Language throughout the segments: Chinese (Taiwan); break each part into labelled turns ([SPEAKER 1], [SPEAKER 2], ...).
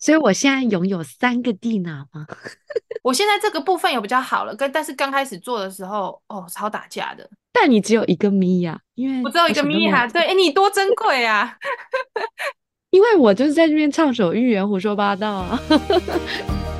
[SPEAKER 1] 所以我現在擁有三個蒂娜嗎？
[SPEAKER 2] 我現在這個部分有比較好了，跟但是剛開始做的時候，哦，超打架的。
[SPEAKER 1] 但你只有一個米婭，
[SPEAKER 2] 因為我只有一個米婭，對誒，你多珍貴呀，
[SPEAKER 1] 啊！ 因為我就是在這邊暢所欲言，胡說八道啊。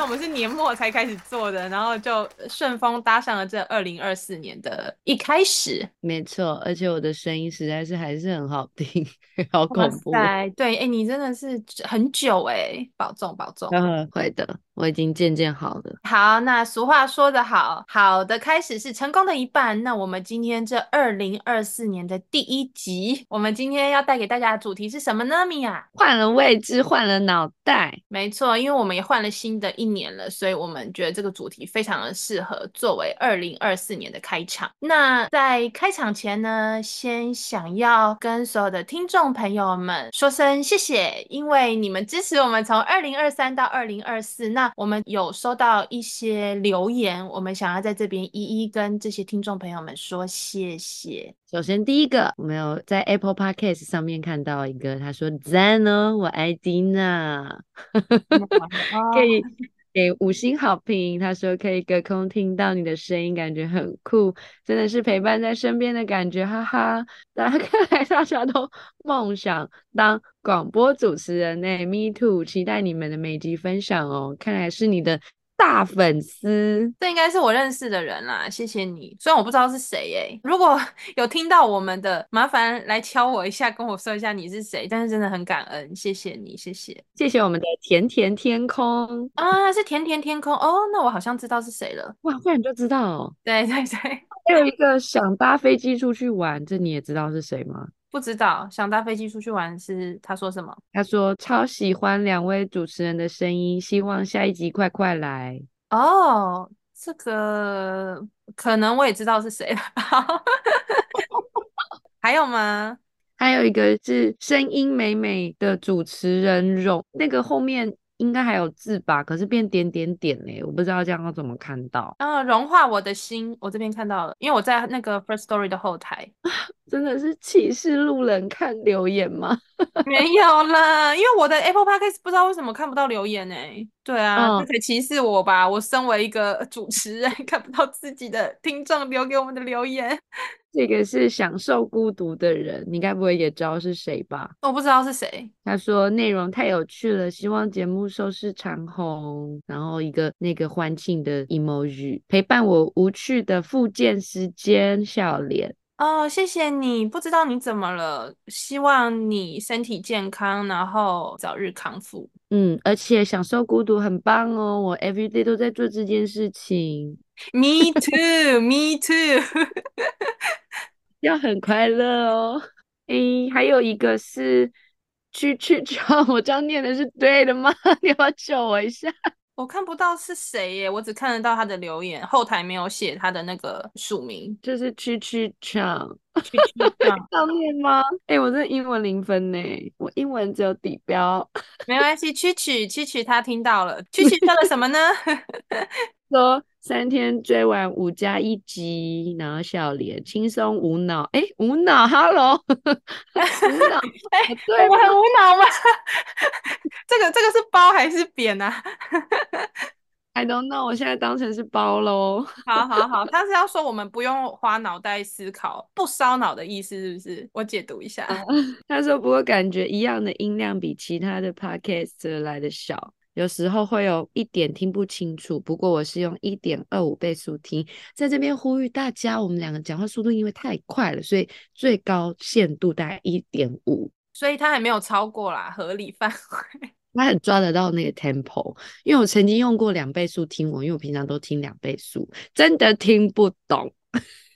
[SPEAKER 2] 但我們是年末才開始做的，然後就順風搭上了這二零二四年的
[SPEAKER 1] 一開始，沒錯。而且我的聲音實在是還是很好聽，好恐怖。
[SPEAKER 2] 對，哎、欸，你真的是很久哎、欸，保重保重。
[SPEAKER 1] 嗯，會的，我已經漸漸好了。
[SPEAKER 2] 好，那俗話說得好，好的開始是成功的一半。那我們今天這二零二四年的第一集，我們今天要帶給大家的主題是什麼呢，米婭？換了位置，換了腦袋。嗯、沒錯，因為我們也換了新的。一年了，所以我們覺得這個主題非常的適合作為二零二四年的開場。那在開場前呢，先想要跟所有的聽眾朋友們說聲謝謝，因為你們支持我們從二零二三到二零二四。那我們有收到一些留言，我們想要在這邊一一跟這些聽眾朋友們說謝謝。首先第一個，我
[SPEAKER 1] 們有在 Apple Podcast 上面看到一個，他說讚哦，我愛丁娜，可以。給五星好評，他說可以隔空聽到你的聲音，感覺很酷，真的是陪伴在身邊的感覺，哈哈。大家看來大家都夢想當廣播主持人呢，欸，Me too，期待你們的每集分享哦。看來是你的。大粉絲，
[SPEAKER 2] 這應該是我認識的人啦，謝謝你。雖然我不知道是誰耶、欸。如果有聽到我們的，麻煩來敲我一下，跟我說一下你是誰，但是真的很感恩，謝謝你，謝謝，
[SPEAKER 1] 謝謝我們的甜甜天空
[SPEAKER 2] 啊，是甜甜天空哦，那我好像知道是誰了，哇，忽
[SPEAKER 1] 然就知道，
[SPEAKER 2] 對對對，
[SPEAKER 1] 還有一個想搭飛機出去玩，這你也知道是誰嗎？
[SPEAKER 2] 不知道，想搭飛機出去玩是他說什麼？
[SPEAKER 1] 他說超喜歡兩位主持人的聲音，希望下一集快快來
[SPEAKER 2] 哦。Oh, 這個可能我也知道是誰了。還有嗎？還有一個
[SPEAKER 1] 是聲音美美的主持人容，那個後面。應該還有字吧，可是變點點點嘞，我不知道這樣要怎麼看到。
[SPEAKER 2] 嗯，融化我的心，我這邊看到了，因為我在那個 First Story 的後台， 真的是歧
[SPEAKER 1] 視路人看留言嗎？
[SPEAKER 2] 沒有啦，因為我的 Apple Podcast 不知道為什麼看不到留言呢？對啊，你、嗯、歧視我吧，我身為一個主持人，看不到自己的聽眾留給我們的留言。這個是享
[SPEAKER 1] 受孤獨的人，你該不會也知道是誰吧？
[SPEAKER 2] 我不知道是誰。
[SPEAKER 1] 他說內容太有趣了，希望節目收視長紅。然後一個那個歡慶的 emoji，陪伴我無趣的復健時間，笑臉。
[SPEAKER 2] 哦，謝謝你，不知道你怎麼了，希望你身體健康，然後早日康復。
[SPEAKER 1] 嗯，而且享受孤獨很棒哦，我 everyday 都在做這件事情。Me too, Me too， 要很快樂哦。誒、欸，還有一個是去去找我這樣念的是對的嗎？你要求我一
[SPEAKER 2] 下。我看不到是誰耶，我只看得到他的留言，後台沒有寫他的那個署名，
[SPEAKER 1] 就是蛐蛐唱。蛐蛐唱。 上面嗎？哎、欸，我這英文零分呢，我英文只有底標，
[SPEAKER 2] 沒關係，蛐蛐，蛐蛐他聽到了，蛐蛐說了什麼呢？
[SPEAKER 1] 說。 So. 三天追完五加一集，然後笑臉輕鬆無腦，哎，無腦，Hello， 無
[SPEAKER 2] 腦， 哎，對嗎，我很無腦嗎？ 這個這個是褒還是貶啊
[SPEAKER 1] ？I don't know，我現在當成是褒嘍。 好好
[SPEAKER 2] 好，他是要說我們不用花腦袋思考，不燒腦的意思是不是？我解讀一下，
[SPEAKER 1] 他說不過感覺一樣的音量比其他的 podcast 來的小。有時候會有一點聽不清楚，不過我是用一點二五倍速聽，在這邊呼籲大家，我們兩個講話速度因為太快了，所以最高限度大概一點五，
[SPEAKER 2] 所以他還沒有超過啦，合理範
[SPEAKER 1] 圍。他很抓得到那個 tempo，因為我曾經用過兩倍速聽我，因為我平常都聽兩倍速，真的聽不懂。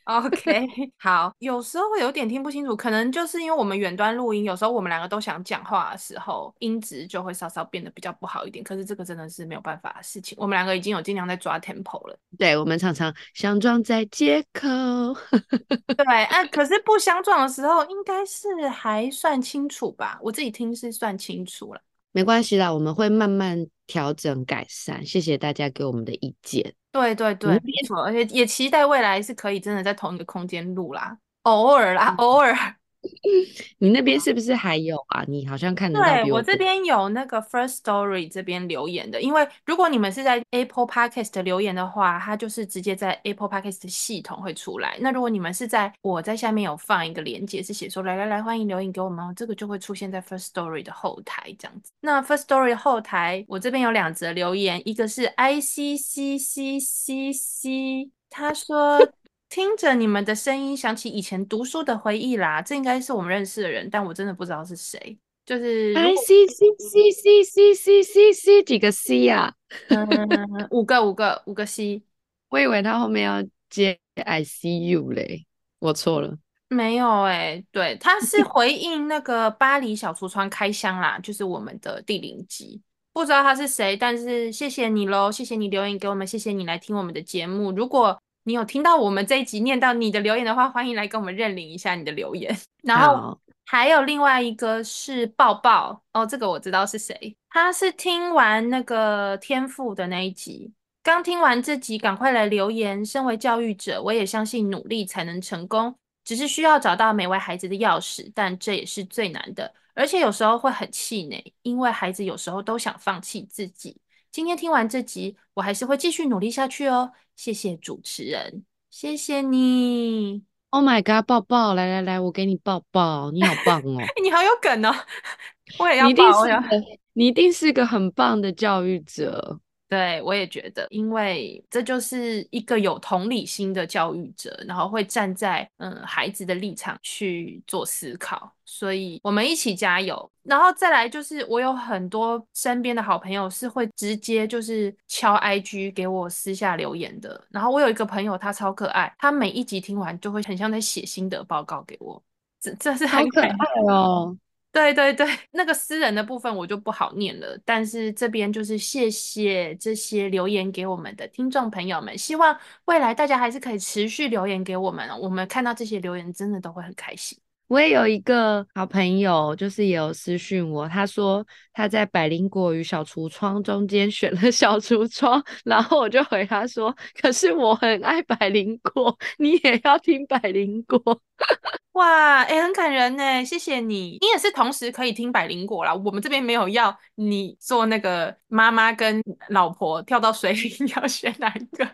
[SPEAKER 2] OK，好，有時候會有點聽不清楚，可能就是因為我們遠端錄音，有時候我們兩個都想講話的時候，音質就會稍稍變得比較不好一點。可是這個真的是沒有辦法的事情，我們兩個已經有儘量在抓 tempo 了。
[SPEAKER 1] 對，我們常常相撞在街
[SPEAKER 2] 口， 對啊，可是不相撞的時候應該是還算清楚吧？我自己聽是算清楚了，
[SPEAKER 1] 沒關係啦，我們會慢慢調整改善。謝謝大家給我們的意見。
[SPEAKER 2] 對對對，而且、嗯、也期待未來是可以真的在同一個空間錄啦，
[SPEAKER 1] 偶爾啦，嗯、偶爾。 你那邊是不是還有啊？你好像看到對。對，我這
[SPEAKER 2] 邊有那個 First Story 這邊留言的。因為如果你們是在 Apple Podcast 留言的話，它就是直接在 Apple Podcast 的系統會出來。那如果你們是在我在下面有放一個鏈接，是寫說來來來，歡迎留言給我們，這個就會出現在 First Story 的後台這樣子。那 First Story 的後台我這邊有兩則留言，一個是 I C C C C C，他說。聽着你們的聲音，想起以前讀書的回憶啦。這應該是我們認識的人，但我真的不知道是誰。就是 I C C C C C C C C 幾個 C 啊、？ 嗯，五個，五個，五個 C。我以為他後面要接
[SPEAKER 1] I C U 嘞，我錯了。
[SPEAKER 2] 沒有哎、欸，對，他是回應那個《巴黎小櫥窗》開箱啦， 就是我們的第零集。不知道他是誰，但是謝謝你嘍，謝謝你留言給我們，謝謝你來聽我們的節目。如果你有聽到我們這一集念到你的留言的話，歡迎來跟我們認領一下你的留言。然後還有另外一個是抱抱哦，這個我知道是誰，他是聽完那個天賦的那一集，剛聽完這集，趕快來留言。身為教育者，我也相信努力才能成功，只是需要找到每位孩子的鑰匙，但這也是最難的，而且有時候會很氣餒，因為孩子有時候都想放棄自己。今天聽完這集，我還是會繼續努力下去哦。謝謝主持人，謝謝
[SPEAKER 1] 你。Oh my god，抱抱！來來來，我給你抱抱。你好棒哦，
[SPEAKER 2] 你好有梗哦。我也要抱呀，你一，要你一定是個很棒的教育者。對，我也覺得，因為這就是一個有同理心的教育者，然後會站在嗯孩子的立場去做思考，所以我們一起加油。然後再來就是，我有很多身邊的好朋友是會直接就是敲 IG 給我私下留言的。然後我有一個朋友，他超可愛，他每一集聽完就會很像在寫心得報告給我，這這是很可愛，可愛哦。對對對，那個私人的部分我就不好念了，但是這邊就是謝謝這些留言給我們的聽眾朋友們，希望未來大家還是可以持續留言給我們，我們看到這些留言真的都會很開心。
[SPEAKER 1] 我也有一個好朋友，就是也有私訊我，他說他在百靈果與小櫥窗中間選了小櫥窗，然後我就回他說，可是我很愛百靈果，你也要聽百靈果。
[SPEAKER 2] 哇，哎、欸，很感人呢，謝謝你。你也是同時可以聽百靈果啦，我們這邊沒有要你做那個媽媽跟老婆跳到水裡，你要選哪一個？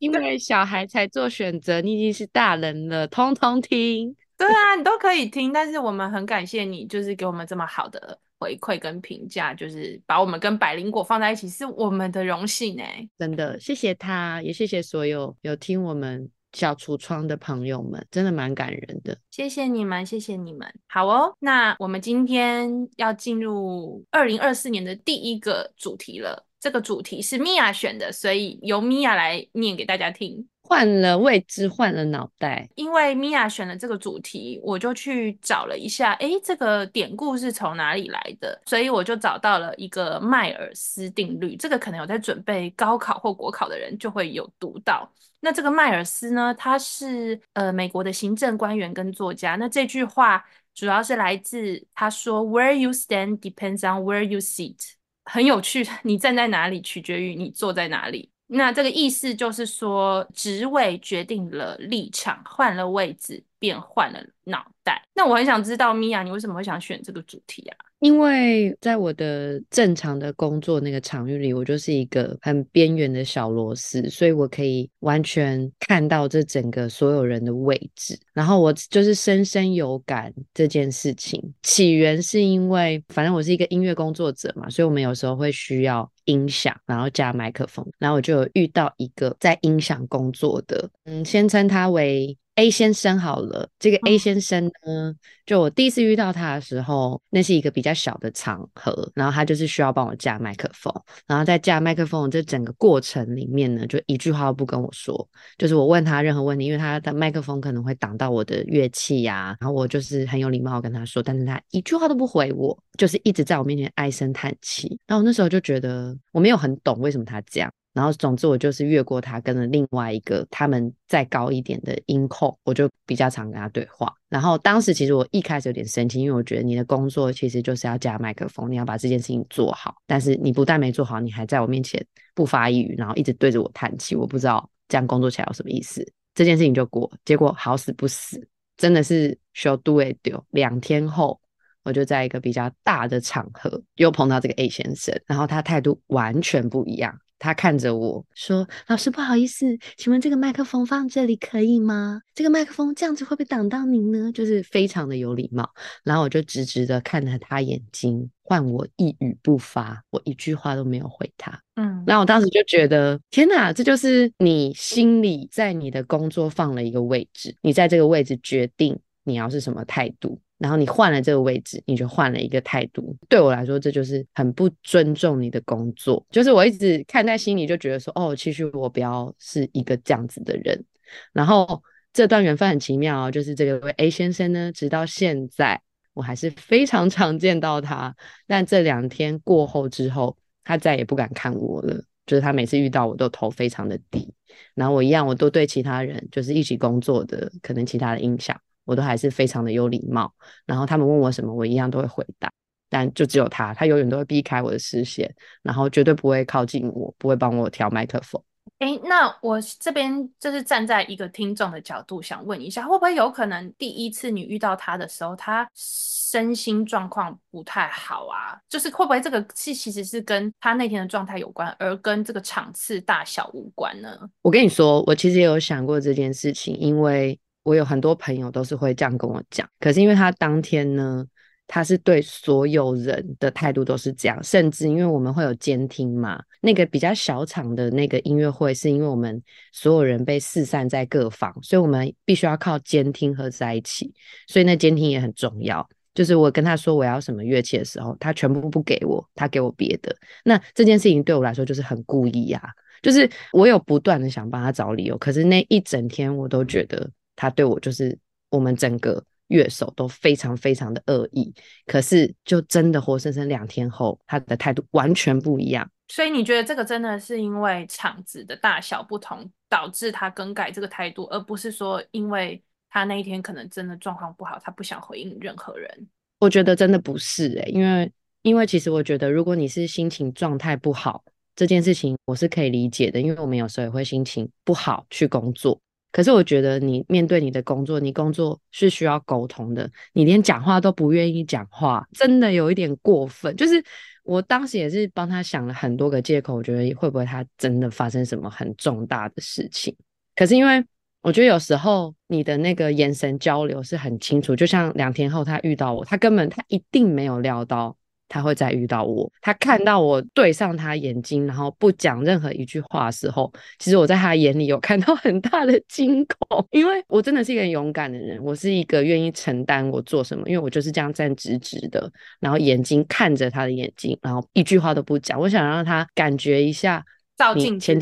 [SPEAKER 2] 因為小孩才做選擇，你已經是大人了，通通聽。對啊，你都可以聽，但是我們很感謝你，就是給我們這麼好的回饋跟評價，就是把我們跟百靈果放在一起是我們的榮幸呢，
[SPEAKER 1] 真的，謝謝他，也謝謝所有有聽我們。小櫥窗的朋友們真的蠻感人的，
[SPEAKER 2] 謝謝你們，謝謝你們。好哦，那我們今天要進入二零二四年的第一個主題了。這個主題是米婭選的，所以由米婭來念給大家聽。
[SPEAKER 1] 換了位置，換了腦袋。
[SPEAKER 2] 因為米婭選了這個主題，我就去找了一下，哎，這個典故是從哪裡來的？所以我就找到了一個邁爾斯定律。這個可能有在準備高考或國考的人就會有讀到。那這個邁爾斯呢，他是呃美國的行政官員跟作家。那這句話主要是來自他說：“Where you stand depends on where you sit。”很有趣，你站在哪裡取決於你坐在哪裡。那這個意思就是說，職位決定了立場，換了位置。變換了腦袋，那我很想知道，米婭，你為什麼會想選這個主題啊？
[SPEAKER 1] 因為在我的正常的工作那個場域裡，我就是一個很邊緣的小螺絲，所以我可以完全看到這整個所有人的位置。然後我就是深深有感這件事情，起源是因為反正我是一個音樂工作者嘛，所以我們有時候會需要音響，然後加麥克風，然後我就有遇到一個在音響工作的，嗯，先稱他為。A 先生，好了，這個 A 先生呢，嗯、就我第一次遇到他的時候，那是一個比較小的場合，然後他就是需要幫我架麥克風，然後在架麥克風這整個過程裡面呢，就一句話都不跟我說，就是我問他任何問題，因為他的麥克風可能會擋到我的樂器呀、啊，然後我就是很有禮貌跟他說，但是他一句話都不回我，就是一直在我面前唉聲嘆氣，然後我那時候就覺得我沒有很懂為什麼他這樣。然後，總之我就是越過他，跟了另外一個他們再高一點的音控，我就比較常跟他對話。然後當時其實我一開始有點生氣，因為我覺得你的工作其實就是要架麥克風，你要把這件事情做好。但是你不但沒做好，你還在我面前不發一語，然後一直對着我嘆氣。我不知道這樣工作起來有什麼意思。這件事情就過，結果好死不死，真的是 shall do it 丟。兩天後，我就在一個比較大的場合又碰到這個 A 先生，然後他態度完全不一樣。他看着我說：“老師，不好意思，請問這個麥克風放這裡可以嗎？這個麥克風這樣子會不會擋到您呢？就是非常的有禮貌。”然後我就直直的看着他眼睛，換我一語不發，我一句話都沒有回他。嗯，然後我當時就覺得，天哪，這就是你心裡在你的工作放了一個位置，你在這個位置決定你要是什麼態度。然後你換了這個位置，你就換了一個態度。對我來說，這就是很不尊重你的工作。就是我一直看在心裡，就覺得說，哦，其實我不要是一個這樣子的人。然後這段緣分很奇妙哦，就是這個 A 先生呢，直到現在我還是非常常見到他。但這兩天過後之後，他再也不敢看我了。就是他每次遇到我都頭非常的低。然後我一樣，我都對其他人，就是一起工作的，可能其他的印象。我都還是非常的有禮貌，然後他們問我什麼，我一樣都會回答。但就只有他，他永遠都會避開我的視線，然後絕對不會靠近我，不會幫我調麥克風。
[SPEAKER 2] 誒，那我這邊就是站在一個聽眾的角度想問一下，會不會有可能第一次你遇到他的時候，他身心狀況不太好啊？就是會不會這個是其實是跟他那天的狀態有關，而跟這個場次大小無關呢？
[SPEAKER 1] 我跟你說，我其實也有想過這件事情，因為。我有很多朋友都是會這樣跟我講，可是因為他當天呢，他是對所有人的態度都是這樣，甚至因為我們會有監聽嘛，那個比較小場的那個音樂會，是因為我們所有人被四散在各方，所以我們必須要靠監聽合在一起，所以那監聽也很重要。就是我跟他說我要什麼樂器的時候，他全部不給我，他給我別的。那這件事情對我來說就是很故意啊，就是我有不斷的想幫他找理由，可是那一整天我都覺得。他對我就是我們整個樂手都非常非常的惡意，可是就真的活生生兩天後，他的態度完全不一樣。
[SPEAKER 2] 所以你覺得這個真的是因為場子的大小不同導致他更改這個態度，而不是說因為他那一天可能真的狀況不好，他不想回應任何人？
[SPEAKER 1] 我覺得真的不是誒、欸，因為因為其實我覺得如果你是心情狀態不好這件事情，我是可以理解的，因為我們有時候也會心情不好去工作。可是我覺得你面對你的工作，你工作是需要溝通的，你連講話都不願意講話，真的有一點過分。就是我當時也是幫他想了很多個借口，我覺得會不會他真的發生什麼很重大的事情？可是因為我覺得有時候你的那個眼神交流是很清楚，就像兩天後他遇到我，他根本他一定沒有料到。他會再遇到我，他看到我對上他眼睛，然後不講任何一句話的時候，其實我在他眼裡有看到很大的驚恐，因為我真的是一個勇敢的人，我是一個願意承擔我做什麼，因為我就是這樣站直直的，然後眼睛看着他的眼睛，然後一句話都不講，我想讓他感覺一下照鏡前，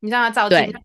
[SPEAKER 1] 你讓他照鏡子，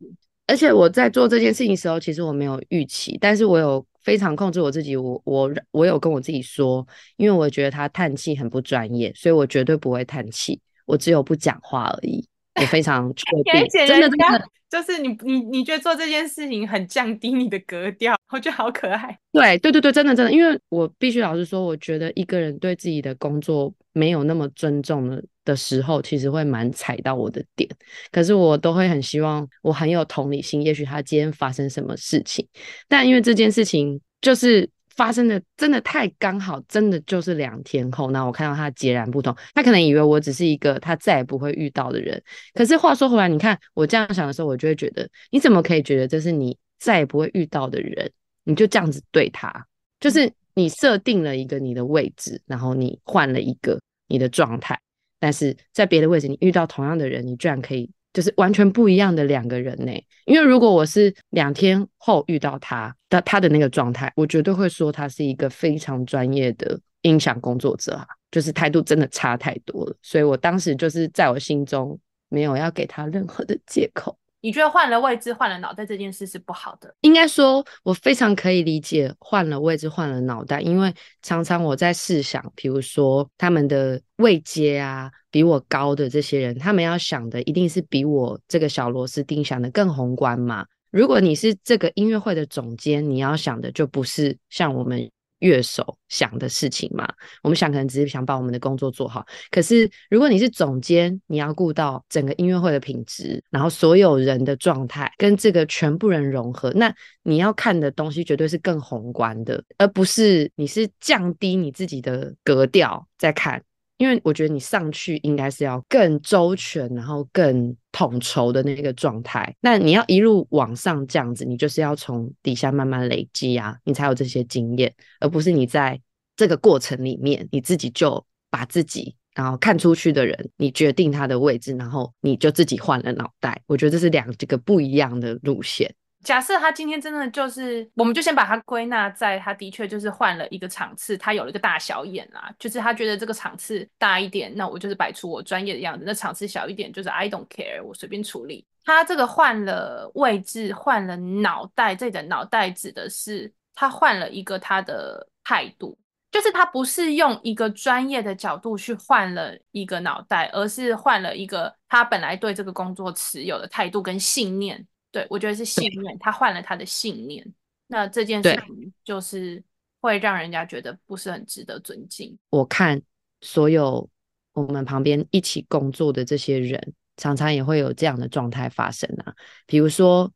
[SPEAKER 1] 而且我在做這件事情的時候，其實我沒有預期，但是我有。非常控制我自己，我我我有跟我自己說，因為我覺得他嘆氣很不專業，所以我絕對不會嘆氣，我只有不講話而已。我非常確定， 真的真的，
[SPEAKER 2] 就是你你你覺得做這件事情很降低你的格調，我覺得好可愛。
[SPEAKER 1] 對對對對，真的真的，因為我必須老實說，我覺得一個人對自己的工作。沒有那麼尊重了的時候，其實會蠻踩到我的點。可是我都會很希望，我很有同理心。也許他今天發生什麼事情，但因為這件事情就是發生的真的太剛好，真的就是兩天後，那我看到他截然不同。他可能以為我只是一個他再也不會遇到的人。可是話說回來，你看我這樣想的時候，我就會覺得，你怎麼可以覺得這是你再也不會遇到的人？你就這樣子對他，就是、嗯。你設定了一個你的位置，然後你換了一個你的狀態，但是在別的位置你遇到同樣的人，你居然可以就是完全不一樣的兩個人呢、欸？因為如果我是兩天後遇到他的他的那個狀態，我絕對會說他是一個非常專業的音響工作者啊，就是態度真的差太多了。所以我當時就是在我心中沒有要給他任何的借口。
[SPEAKER 2] 你覺得換了位置換了腦袋這件事是不好的？
[SPEAKER 1] 應該說，我非常可以理解換了位置換了腦袋，因為常常我在試想，比如說他們的位階啊比我高的這些人，他們要想的一定是比我這個小螺絲釘想的更宏觀嘛。如果你是這個音樂會的總監，你要想的就不是像我們。樂手想的事情嘛，我們想可能只是想把我們的工作做好。可是如果你是總監，你要顧到整個音樂會的品質，然後所有人的狀態跟這個全部人融合，那你要看的東西絕對是更宏觀的，而不是你是降低你自己的格調再看。因為我覺得你上去應該是要更周全，然後更統籌的那個狀態。那你要一路往上這樣子，你就是要從底下慢慢累積啊，你才有這些經驗，而不是你在這個過程裡面，你自己就把自己，然後看出去的人，你決定他的位置，然後你就自己換了腦袋。我覺得這是兩個不一樣的路線。
[SPEAKER 2] 假設他今天真的就是，我們就先把他歸納在，他的確就是換了一個場次，他有了一個大小眼啦、啊，就是他覺得這個場次大一點，那我就是擺出我專業的樣子；那場次小一點，就是 I don't care，我隨便處理。他這個換了位置，換了腦袋，這的腦袋指的是他換了一個他的態度，就是他不是用一個專業的角度去換了一個腦袋，而是換了一個他本來對這個工作持有的態度跟信念。對，我覺得是信念，對他換了他的信念，那這件事情就是會讓人家覺得不是很值得尊敬。
[SPEAKER 1] 對我看所有我們旁邊一起工作的這些人，常常也會有這樣的狀態發生啊。比如說，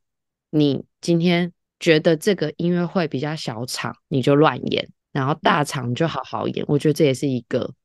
[SPEAKER 1] 你今天覺得這個音樂會比較小場，你就亂演，然後大場就好好演。我覺得這也是一個，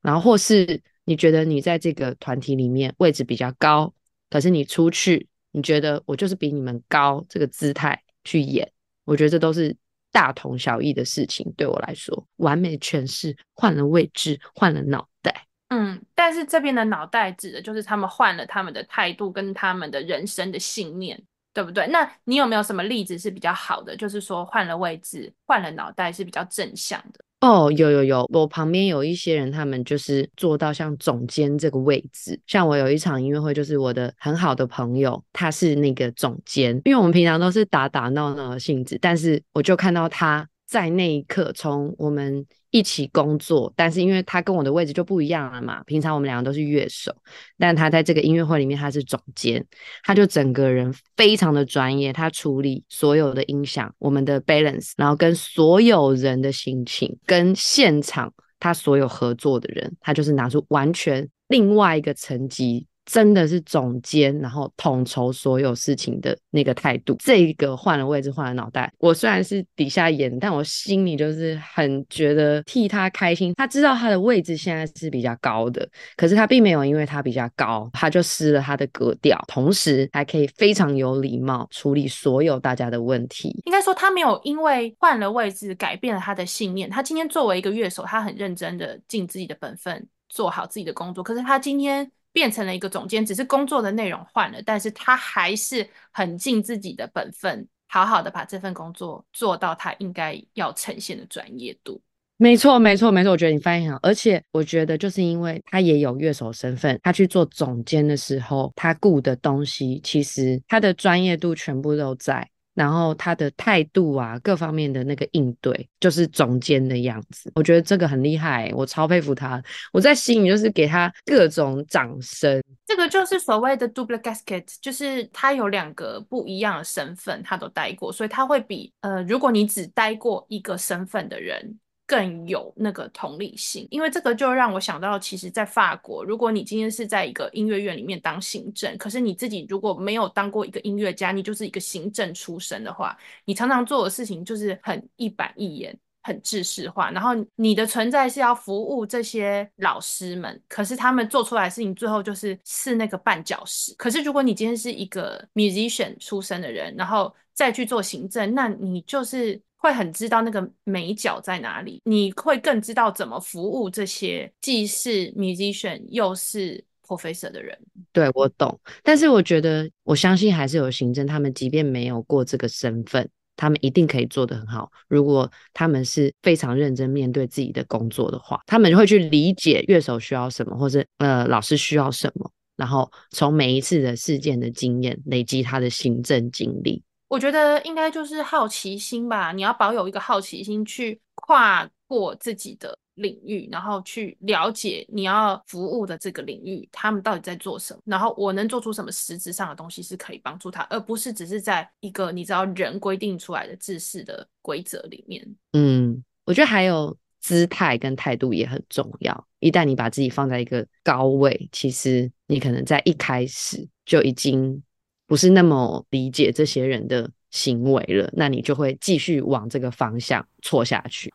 [SPEAKER 1] 然後或是你覺得你在這個團體裡面位置比較高，可是你出去。你覺得我就是比你們高這個姿態去演，我覺得這都是大同小異的事情。對我來說，完美詮釋，換了位置，換了腦袋。
[SPEAKER 2] 嗯，但是這邊的腦袋指的就是他們換了他們的態度跟他們的人生的信念。對不對？那你有沒有什麼例子是比較好的？就是說換了位置、換了腦袋是比較正向的。
[SPEAKER 1] 哦，oh, 有有有，我旁邊有一些人，他們就是做到像總監這個位置。像我有一場音樂會，就是我的很好的朋友，他是那個總監。因為我們平常都是打打鬧鬧的性質，但是我就看到他。在那一刻，從我們一起工作，但是因為他跟我的位置就不一樣了嘛。平常我們兩個都是樂手，但他在這個音樂會裡面，他是總監，他就整個人非常的專業，他處理所有的音響、我們的 balance，然後跟所有人的心情，跟現場他所有合作的人，他就是拿出完全另外一個層級。真的是總監，然後統籌所有事情的那個態度。這個換了位置，換了腦袋。我雖然是底下演，但我心裡就是很覺得替他開心。他知道他的位置現在是比較高的，可是他並沒有因為他比較高，他就失了他的格調，同時還可以非常有禮貌處理所有大家的問題。
[SPEAKER 2] 應該說，他沒有因為換了位置改變了他的信念。他今天作為一個樂手，他很認真的盡自己的本分，做好自己的工作。可是他今天。變成了一個總監，只是工作的內容換了，但是他還是很盡自己的本分，好好的把這份工作做到他應該要呈現的專業度。
[SPEAKER 1] 沒錯，沒錯，沒錯。我覺得你翻譯很好，而且我覺得就是因為他也有樂手身份，他去做總監的時候，他雇的東西其實他的專業度全部都在。然後他的態度啊，各方面的那個應對，就是總監的樣子。我覺得這個很厲害，我超佩服他。我在心裡就是給他各種掌聲。
[SPEAKER 2] 這個就是所謂的 double casquette，就是他有兩個不一樣的身份，他都待過，所以他會比呃，如果你只待過一個身份的人。更有那個同理心。因為這個就讓我想到，其實，在法國，如果你今天是在一個音樂院裡面當行政，可是你自己如果沒有當過一個音樂家，你就是一個行政出身的話，你常常做的事情就是很一板一眼、很制式化，然後你的存在是要服務這些老師們，可是他們做出來的事情最後就是是那個絆腳石。可是如果你今天是一個 musician 出身的人，然後再去做行政，那你就是。會很知道那個眉角在哪裡，你會更知道怎麼服務這些既是 musician 又是 professor 的人。
[SPEAKER 1] 對，我懂，但是我覺得，我相信還是有行政，他們即便沒有過這個身份，他們一定可以做得很好。如果他們是非常認真面對自己的工作的話，他們會去理解樂手需要什麼，或者呃老師需要什麼，然後從每一次的事件的經驗累積他的行政經歷。
[SPEAKER 2] 我覺得應該就是好奇心吧。你要保有一個好奇心，去跨過自己的領域，然後去了解你要服務的這個領域，他們到底在做什麼，然後我能做出什麼實質上的東西是可以幫助他，而不是只是在一個你知道人規定出來的制式的規則裡面。
[SPEAKER 1] 嗯，我覺得還有姿態跟態度也很重要。一旦你把自己放在一個高位，其實你可能在一開始就已經。不是那麼理解這些人的行為了，那你就會繼續往這個方向錯下去。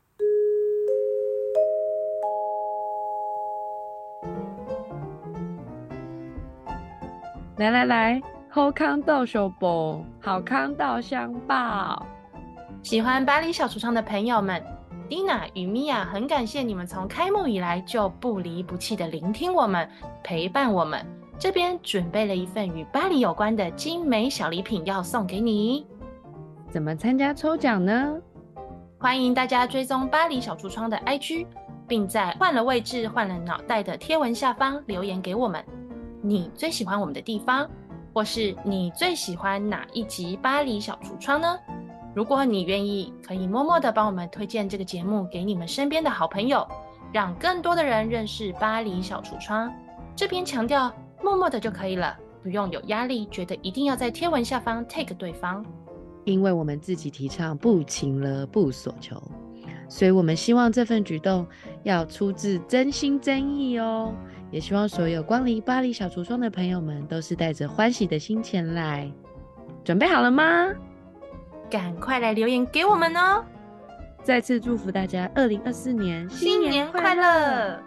[SPEAKER 2] 來來來，好康道相報，好康道相報！喜歡巴黎小櫥窗的朋友們，Dina 與 Mia 很感謝你們從開幕以來就不離不棄的聆聽我們，陪伴我們。這邊準備了一份與巴黎有關的精美小禮品要送給你，
[SPEAKER 1] 怎麼參
[SPEAKER 2] 加抽獎呢？歡迎大家追蹤巴黎小櫥窗的 IG，並在換了位置換了腦袋的貼文下方留言給我們，你最喜歡我們的地方，或是你最喜歡哪一集巴黎小櫥窗呢？如果你願意，可以默默地幫我們推薦這個節目給你們身邊的好朋友，讓更多的人認識巴黎小櫥窗。這邊強調。默默的就可以了，不用有壓力，覺得一定要在貼文下方 take 對方。
[SPEAKER 1] 因為我們自己提倡不求了不所求，所以我們希望這份舉動要出自真心真意哦。也希望所有光臨巴黎小櫥窗的朋友們都是帶着歡喜的心前來。準備好了嗎？趕快
[SPEAKER 2] 來留言給我們哦！
[SPEAKER 1] 再次祝福大家二零二四年新年
[SPEAKER 2] 快樂！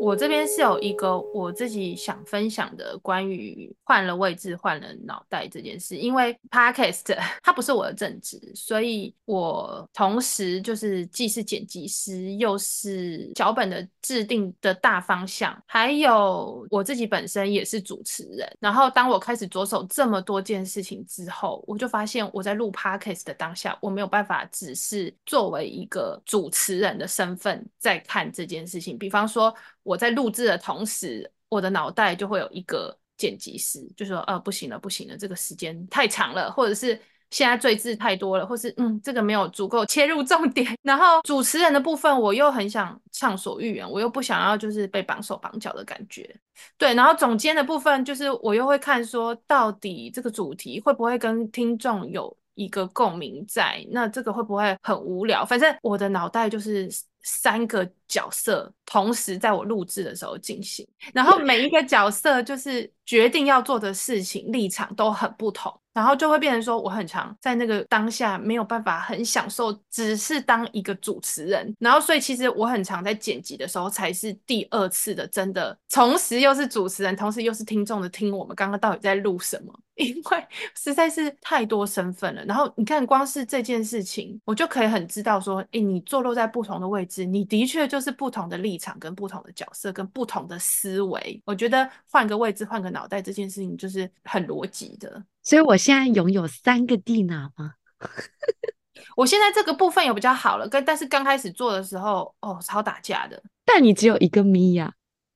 [SPEAKER 2] 我這邊是有一個我自己想分享的關於換了位置換了腦袋這件事，因為 podcast 它不是我的正職，所以我同時就是既是剪輯師，又是腳本的制定的大方向，還有我自己本身也是主持人。然後當我開始着手這麼多件事情之後，我就發現我在錄 podcast 的當下，我沒有辦法只是作為一個主持人的身份在看這件事情，比方說。我在錄制的同時，我的腦袋就會有一個剪輯師，就說：呃，不行了，不行了，這個時間太長了，或者是現在贅字太多了，或是嗯，這個沒有足夠切入重點。然後主持人的部分，我又很想暢所欲言，我又不想要就是被綁手綁腳的感覺，對。然後總監的部分，就是我又會看說，到底這個主題會不會跟聽眾有一個共鳴在？那這個會不會很無聊？反正我的腦袋就是。三個角色同時在我錄製的時候進行，然後每一個角色就是決定要做的事情立場都很不同，然後就會變成說我很常在那個當下沒有辦法很享受，只是當一個主持人，然後所以其實我很常在剪輯的時候才是第二次的，真的，同時又是主持人，同時又是聽眾的，聽我們剛剛到底在錄什麼。因為實在是太多身份了，然後你看，光是這件事情，我就可以很知道說，誒，你坐落在不同的位置，你的確就是不同的立場、跟不同的角色、跟不同的思維。我覺得換個位置、換個腦袋這件事情就是很邏輯的。
[SPEAKER 1] 所以我現在擁有三個地腦嗎？
[SPEAKER 2] 我現在這個部分有比較好了，跟但是剛開始做的時候，哦，超打架的。
[SPEAKER 1] 但你只有一個 Mia，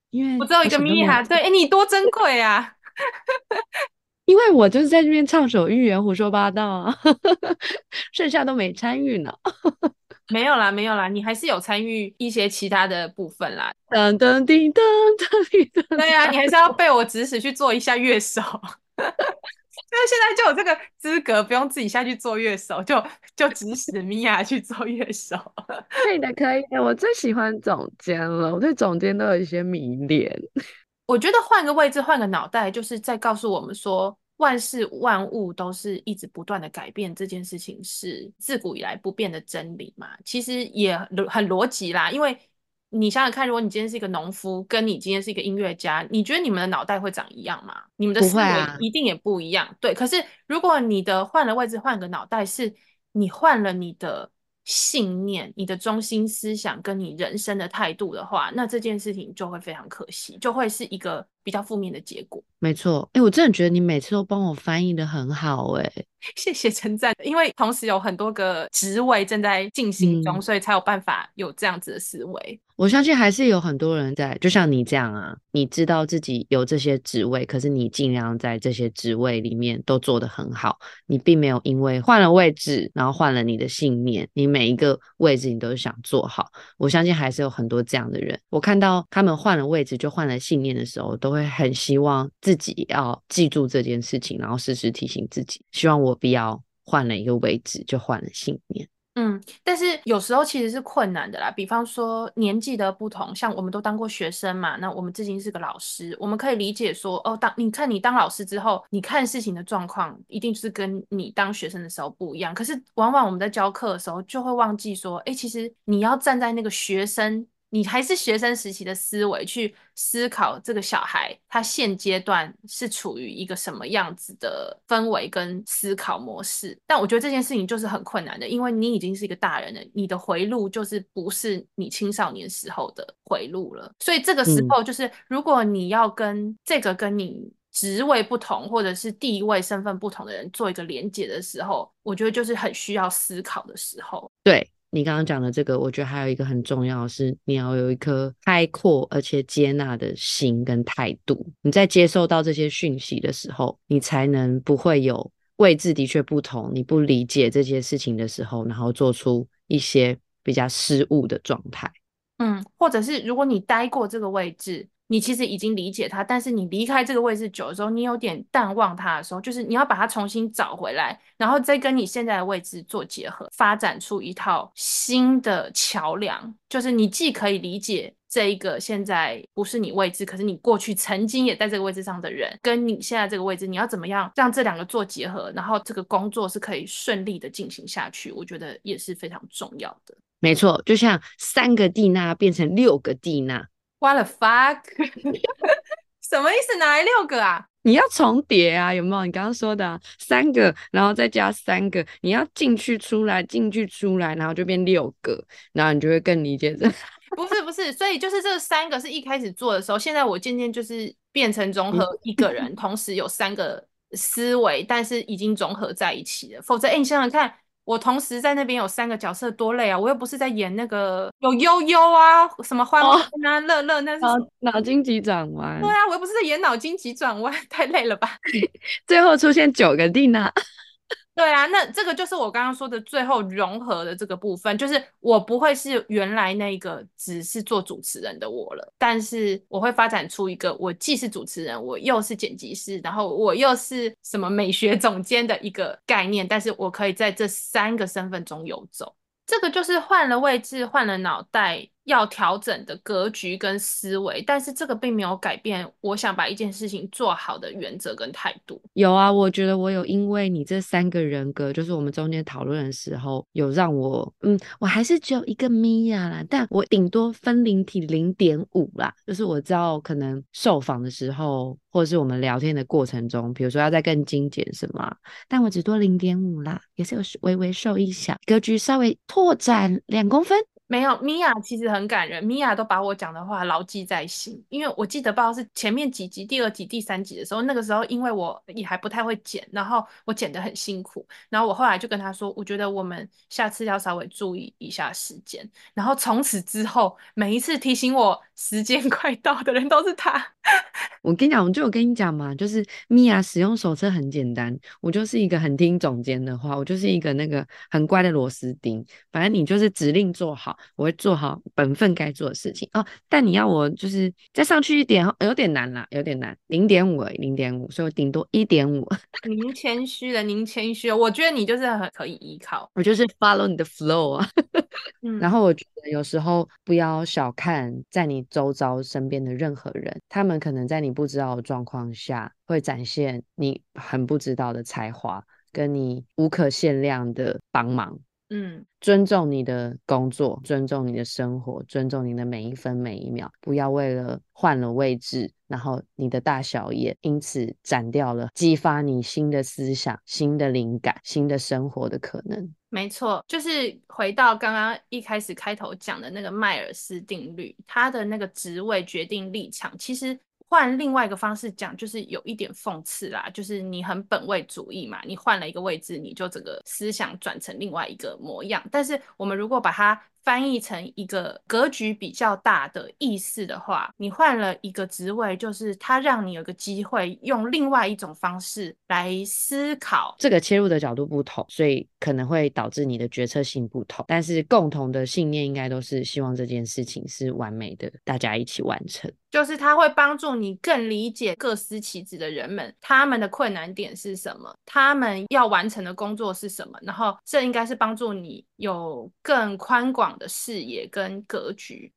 [SPEAKER 1] 因
[SPEAKER 2] 為我我只有一個 Mia，對，哎，你多珍貴呀、啊！
[SPEAKER 1] 因為我就是在這邊暢所欲言，胡說八道、啊呵
[SPEAKER 2] 呵，剩下都沒參與呢。沒有啦，沒有啦，你還是有參與一些其他的部分啦。
[SPEAKER 1] 噔噔，叮噹
[SPEAKER 2] 噹噹。對呀、啊，你還是要被我指使去做一下樂手。那 現在就有這個資格，不用自己下去做樂手，就就指使米婭去做樂手。
[SPEAKER 1] 可以的，可以的，我最喜歡總監了，我對總監都有一些迷戀。
[SPEAKER 2] 我覺得換個位置、換個腦袋，就是在告訴我們說，萬事萬物都是一直不斷的改變，這件事情是自古以來不變的真理嘛。其實也很邏輯啦，因為你想想看，如果你今天是一個農夫，跟你今天是一個音樂家，你覺得你們的腦袋會長一樣嗎？你們的思維一定也不一樣。不會啊、對，可是如果你的換了位置、換個腦袋，是你換了你的。信念，你的中心思想跟你人生的態度的話，那這件事情就會非常可惜，就會是一個。比較負面的結果，
[SPEAKER 1] 沒錯。哎、欸，我真的覺得你每次都幫我翻譯得很好、欸，哎，
[SPEAKER 2] 謝謝稱讚。因為同時有很多個職位正在進行中，嗯、所以才有辦法有這樣子的思維。
[SPEAKER 1] 我相信還是有很多人在，就像你這樣啊，你知道自己有這些職位，可是你盡量在這些職位裡面都做得很好。你並沒有因為換了位置，然後換了你的信念，你每一個位置你都想做好。我相信還是有很多這樣的人，我看到他們換了位置就換了信念的時候都。我會很希望自己要記住這件事情，然後時時提醒自己。希望我不要換了一個位置就換了信念。
[SPEAKER 2] 嗯，但是有時候其實是困難的啦。比方說年紀的不同，像我們都當過學生嘛，那我們至今是個老師，我們可以理解說，哦，當你看你當老師之後，你看事情的狀況一定是跟你當學生的時候不一樣。可是往往我們在教課的時候，就會忘記說，哎，其實你要站在那個學生。你還是學生時期的思維去思考這個小孩，他現階段是處於一個什麼樣子的氛圍跟思考模式？但我覺得這件事情就是很困難的，因為你已經是一個大人了，你的回路就是不是你青少年時候的回路了。所以這個時候，嗯，就是如果你要跟這個跟你職位不同或者是地位身份不同的人做一個連接的時候，我覺得就是很需要思考的時候。
[SPEAKER 1] 對。你剛剛講的這個，我覺得還有一個很重要的是，你要有一顆開闊而且接納的心跟態度。你在接受到這些訊息的時候，你才能不會有位置的確不同，你不理解這些事情的時候，然後做出一些比較失誤的狀態。
[SPEAKER 2] 嗯，或者是如果你待過這個位置。你其實已經理解他，但是你離開這個位置久的時候，你有點淡忘他的時候，就是你要把它重新找回來，然後再跟你現在的位置做結合，發展出一套新的橋梁，就是你既可以理解這一個現在不是你位置，可是你過去曾經也在這個位置上的人，跟你現在這個位置，你要怎麼樣讓這兩個做結合，然後這個工作是可以順利的進行下去，我覺得也是非常重要的。
[SPEAKER 1] 沒錯，就像三個蒂娜變成六個蒂娜。
[SPEAKER 2] What the fuck， 什麼意思？哪來六個啊？你要重疊啊，有沒有？你剛剛說的、啊、三
[SPEAKER 1] 個，然後再加三個，你要進去出來，進去出來，然後就變六個，然後你就會更理解這個。
[SPEAKER 2] 不是不是，所以就是這三個是一開始做的時候，現在我漸漸就是變成融合一個人， 同時有三個思維，但是已經融合在一起了。否則，哎、欸，你想想看。我同時在那邊有三個角色，多累啊！我又不是在演那個有悠悠啊、什麼歡歡啊、樂樂、哦，那是腦筋急轉彎。對啊，我又不是在演腦筋急轉彎，太累了吧？ 最後出現九個蒂娜。對啊，那這個就是我剛剛說的最後融合的這個部分，就是我不會是原來那個只是做主持人的我了，但是我會發展出一個我既是主持人，我又是剪輯師，然後我又是什麼美學總監的一個概念，但是我可以在這三個身份中游走。這個就是換了位置，換了腦袋。要調整的格局跟思維，但是這個並沒有改變我想把一件事情做好的原則跟態度。
[SPEAKER 1] 有啊，我覺得我有，因為你這三個人格，就是我們中間討論的時候，有讓我，嗯，我還是只有一個 Mia 啦，但我頂多分靈體零點五啦，就是我知道可能受訪的時候，或是我們聊天的過程中，比如說要再更精簡什麼，但我只多零點五啦，也是有微微受一下格局稍微拓展兩公分。
[SPEAKER 2] 沒有，米婭其實很感人。米婭都把我講的話牢記在心，因為我記得不知道是前面幾集、第二集、第三集的時候，那個時候因為我也還不太會剪，然後我剪得很辛苦，然後我後來就跟她說，我覺得我們下次要稍微注意一下時間，然後從此之後每一次提醒我。時間快到的人都是他。
[SPEAKER 1] 我跟你講，就我就跟你講嘛，就是米婭使用手冊很簡單。我就是一個很聽總監的話，我就是一個那個很乖的螺絲釘。反正你就是指令做好，我會做好本分該做的事情哦。但你要我就是再上去一點，有點難啦，有點難，零點五而已，零點五，所以我頂多一點五。
[SPEAKER 2] 您謙虛了，您謙虛了。我覺得你就是很可以依靠。
[SPEAKER 1] 我就是 follow 你的 flow 啊。然後我覺得有時候不要小看在你周遭身邊的任何人，他們可能在你不知道的狀況下，會展現你很不知道的才華，跟你無可限量的幫忙。嗯，尊重你的工作，尊重你的生活，尊重你的每一分每一秒。不要為了換了位置，然後你的大小也因此斬掉了，激發你新的思想、新的靈感、新的生活的可能。
[SPEAKER 2] 沒錯，就是回到剛剛一開始開頭講的那個麥爾斯定律，他的那個職位決定立場，其實。換另外一個方式講，就是有一點諷刺啦，就是你很本位主義嘛，你換了一個位置，你就整個思想轉成另外一個模樣。但是我們如果把它翻譯成一個格局比較大的意思的話，你換了一個職位，就是它讓你有個機會用另外一種方式來思考。這
[SPEAKER 1] 個切入的角度不同，所以可能會導致你的決策性不同。但是共同的信念應該都是希望這件事情是完美的，大家一起完成。
[SPEAKER 2] 就是它會幫助你更理解各司其職的人們，他們的困難點是什麼，他們要完成的工作是什麼，然後這應該是幫助你。有更寬廣的視野跟格局。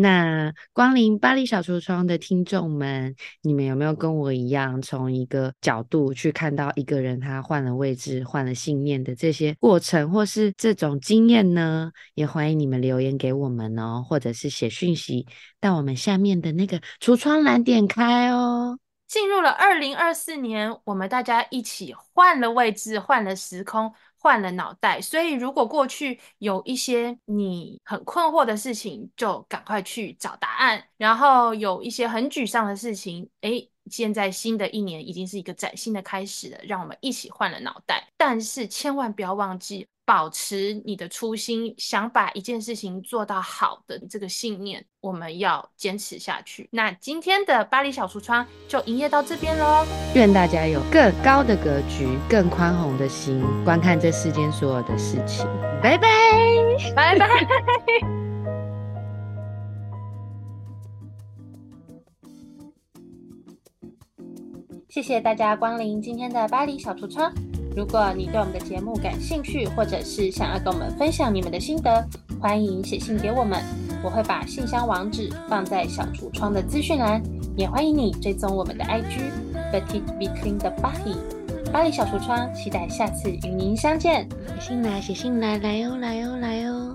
[SPEAKER 1] 那光臨巴黎小櫥窗的聽眾們，你們有沒有跟我一樣，從一個角度去看到一個人他換了位置、換了信念的這些過程，或是這種經驗呢？也歡迎你們留言給我們哦、喔，或者是寫訊息到我們下面的那個櫥窗欄點開哦、喔。
[SPEAKER 2] 進入了二零二四年，我們大家一起換了位置，換了時空。換了腦袋，所以如果過去有一些你很困惑的事情，就趕快去找答案；然後有一些很沮喪的事情，誒。現在新的一年已經是一個嶄新的開始了，讓我們一起換了腦袋，但是千萬不要忘記保持你的初心，想把一件事情做到好的這個信念，我們要堅持下去。那今天的巴黎小櫥窗就營業到這邊嘍，
[SPEAKER 1] 願大家有更高的格局、更寬宏的心，觀看這世間所有的事情。拜
[SPEAKER 2] 拜，拜拜。謝謝大家光臨今天的巴黎小櫥窗。如果你對我們的節目感興趣，或者是想要跟我們分享你們的心得，歡迎寫信給我們，我會把信箱網址放在小櫥窗的資訊欄。也歡迎你追蹤我們的 IG，Petite Vitrine de Paris。巴黎小櫥窗期待下次與您相見。寫信來，寫信來，來喲，來喲，來喲。